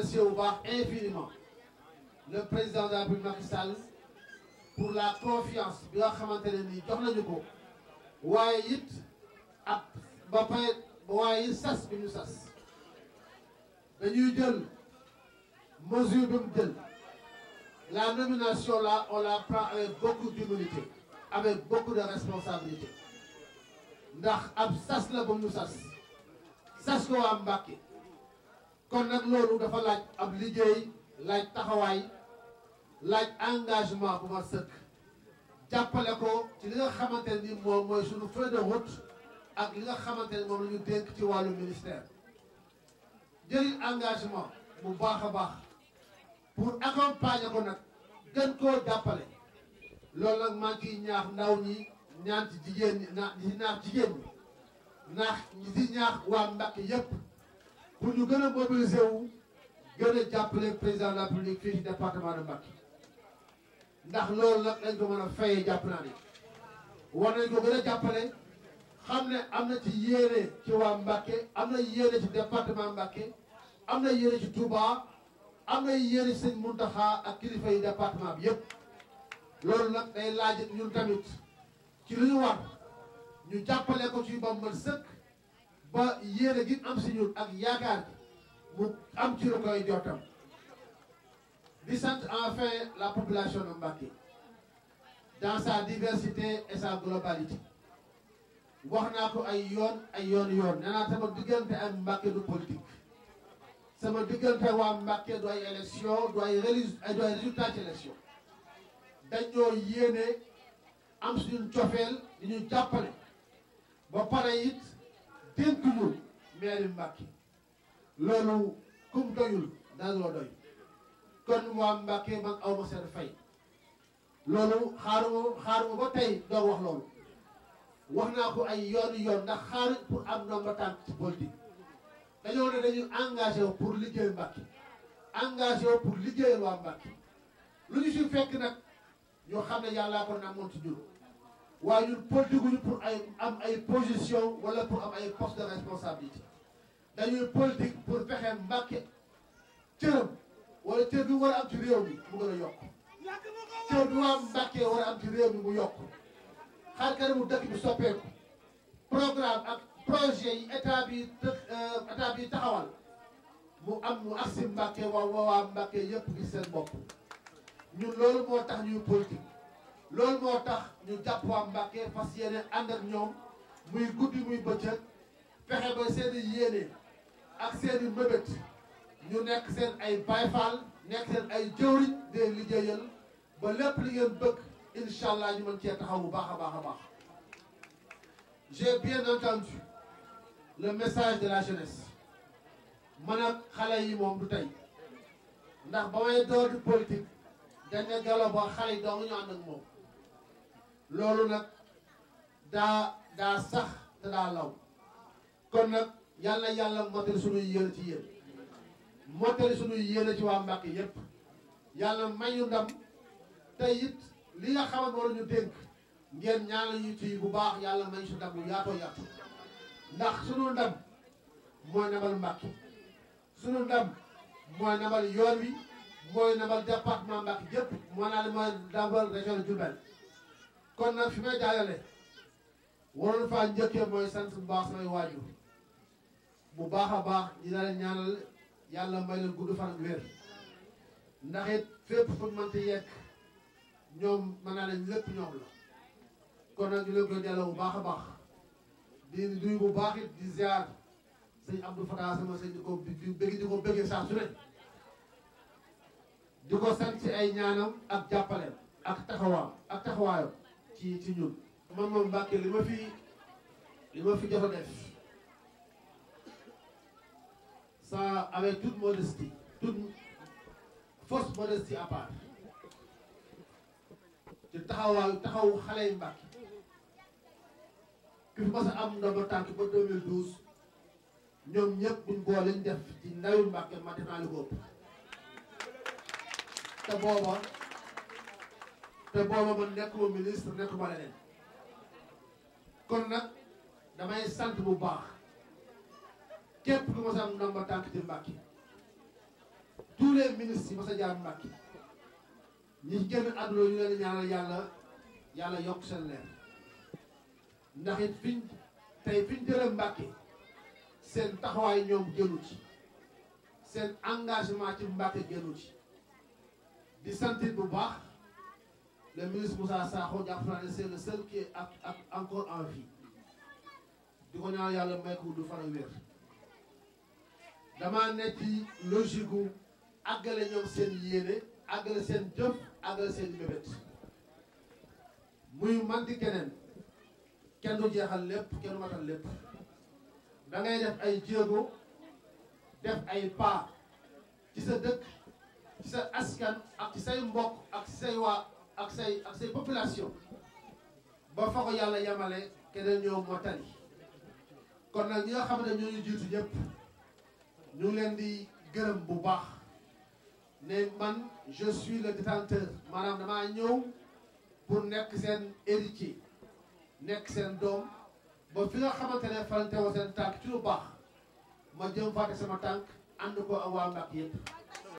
remercier bu baax infiniment le président de la République Macky pour la confiance bi nga xamante ne nii jox nañu ko waaye it ak ba pare waaye it sas bi ñu sas dañuy jël mesure bi mu jël la nomination là on la prend avec beaucoup d'humilité avec beaucoup de responsabilité ndax ab sas la ba mu sas sas ko waa Mbàkke kon nag loolu dafa laaj ab liggéey laaj taxawaay laaj engagement bu ma sëkk jàppale ko ci li nga xamante ni moom mooy suñu feuille de ak li nga xamante ni moom la ñu dénk ci wàllu ministère jëriñ engagement bu baax a baax pour accompagner ko nag gën koo jàppale loolu nag maa ngi ñaax ndaw ñi ñaan jigéen ñi naa ñi ñaax jigéen ñi naax ñi ci ñaax waa Mbàkke yépp pour ñu gën a mobiliser wu gën a jàppale président de fii ci département de Mbacké ndax loolu nag lañ ko mën a fayee jàpp naa ne war nañ ko gën a jàppale xam ne am na ci yéene ci waa Mbacké am na yéene ci département Mbacké am na yéene ci Touba am na yéene ci sëñ Mountakha ak kilifa yi département bi yëpp loolu nag day laaj ñun tamit ci lu ñu war ñu jàppale ci ba mu sëkk. ba yéene gi am si ñun ak yaakaar gi mu am ci lu koy jottam di sant enfin la population de Mbacké dans sa diversité et sa globalité wax naa ko ay yoon ay yoon yoon nee naa sama diggante ak Mbacké du politique sama diggante waa Mbacké du ay élection du ay relise du ay résultat ci élection dañoo cofeel di ñu jàppale ba pare it dénkuwul maire Mbacke loolu kum doyul daanoo doy kon waa Mbacke man aw ma seen fay loolu xaaruma xaaruma ba doo wax loolu wax naa ko ay yooni yoon ndax xaaruñ pour am nombre tànk ci politique dañoo ne dañuy engagé pour liggéey Mbacke engagé wu pour liggéeyal waa Mbacke lu ñu si fekk nag ñoo xam ne yàllaa ko namoon ci jur waaye ñun politique ñu pour ay am ay position wala pour am ay poste de responsabilité dañuy politique pour fexe Mbàkke cëram wala cër bi war a am ci réew mi mu gën a yokk cër bi waa Mbàkke war am ci réew mi mu yokk xaar kanamu dëkk bi soppeeku programme ak projet yi état bi euh, taxawal mu am mu agsi Mbàkke waa waa Mbàkke yëpp gis seen bopp ñun loolu moo tax ñuy politique loolu moo tax ñu jàpp waa Mbàkke fas yéene ànd ak ñoom muy guddi muy bëccëg fexe ba seen i ak seen i ñu nekk seen ay bayfaal nekk seen ay jëwriñ de liggéeyal ba lépp li ngeen bëgg incha allah ñu mën cee taxaw bu baax a baax a baax j'ai bien entendu le message de la jeunesse man ak xale yi moom du tey ndax ba may door di politique dañ ne Gallo xale yi dong ñu ànd ak moom loolu nag daa daa sax te daa law kon nag yàlla yàlla mottali suñuy yéene ci yéen mottali suñuy yéene ci waa Mbàkke yépp yàlla may ñu ndam te it li nga xamal a ñu dénk ngeen ñaanal ñu ci bu baax yàlla may su ndam bu yaatoo yaatu ndax suñu ndam mooy nabal Mbàkke suñu ndam mooy nabal yoon wi mooy nabal département Mbàkke yépp moo naa ne mooy nabal région de kon nag fi may daanale waroon faa njëkkee mooy sant bu baax samay waajur bu baax a baax di daal ñaanal yàlla may leen gudd fan ak wér ndax it fépp fu mënti yekk ñoom mën naa ne lépp ñoom la kon nag ñu leen koy delloo bu baax a baax di nuyu bu baax it di ziar sëñ Abdou Fatah sama sëñ di ko di bëgg di ko bëggee saa su ne di ko sant si ay ñaanam ak jàppaleem ak taxawaam ci ci ñun man moom Mbàkke li ma fi li ma fi jot a def ça avec toute modestie toute fausse modestie à ci taxawaayu taxawu xale yi Mbàkke ki fi mas a am ndomba tànk ba 2012 ñoom ñëpp buñ boo def ci ndawi Mbàkke ma def te booba te booba man nekkuma ministre nekkuma leneen kon nag damay sant bu baax képp ku ma sam ndomba tànk ci Mbàkke tous les ministres yi ma sa jaar Mbàkke ñi ci génn àdduna ñu leen ñaanal yàlla yàlla yokk seen leer ndax it fiñ tey fiñ jëlee Mbàkke seen taxawaay ñoom génnu ci seen engagement ci Mbàkke génnu ci di santit bu baax le ministre Moussa Sakho jàpp yàlla may ko du fara àggale ñoom seen yéene àggale seen jëf àggale seen mébét muy man di keneen kenn du jeexal lépp kenn du matal lépp da def ay jéego def ay pas ci sa dëkk ci sa askan ak ci say mbokk ak ci say waa ak say ak say population ba fa ko yàlla yemale keneen ñoo moo tali kon nag ñi nga xam ne ñoo ñu jiitu ñëpp ñu leen di gërëm bu baax ne man je suis le détenteur maanaam damaa ñëw pour nekk seen héritier nekk seen doom ba fi nga xamante ne farante woo seen tànk ci lu baax ma jëm fàtte sama tànk ànd ko ak waa Mbàkke yëpp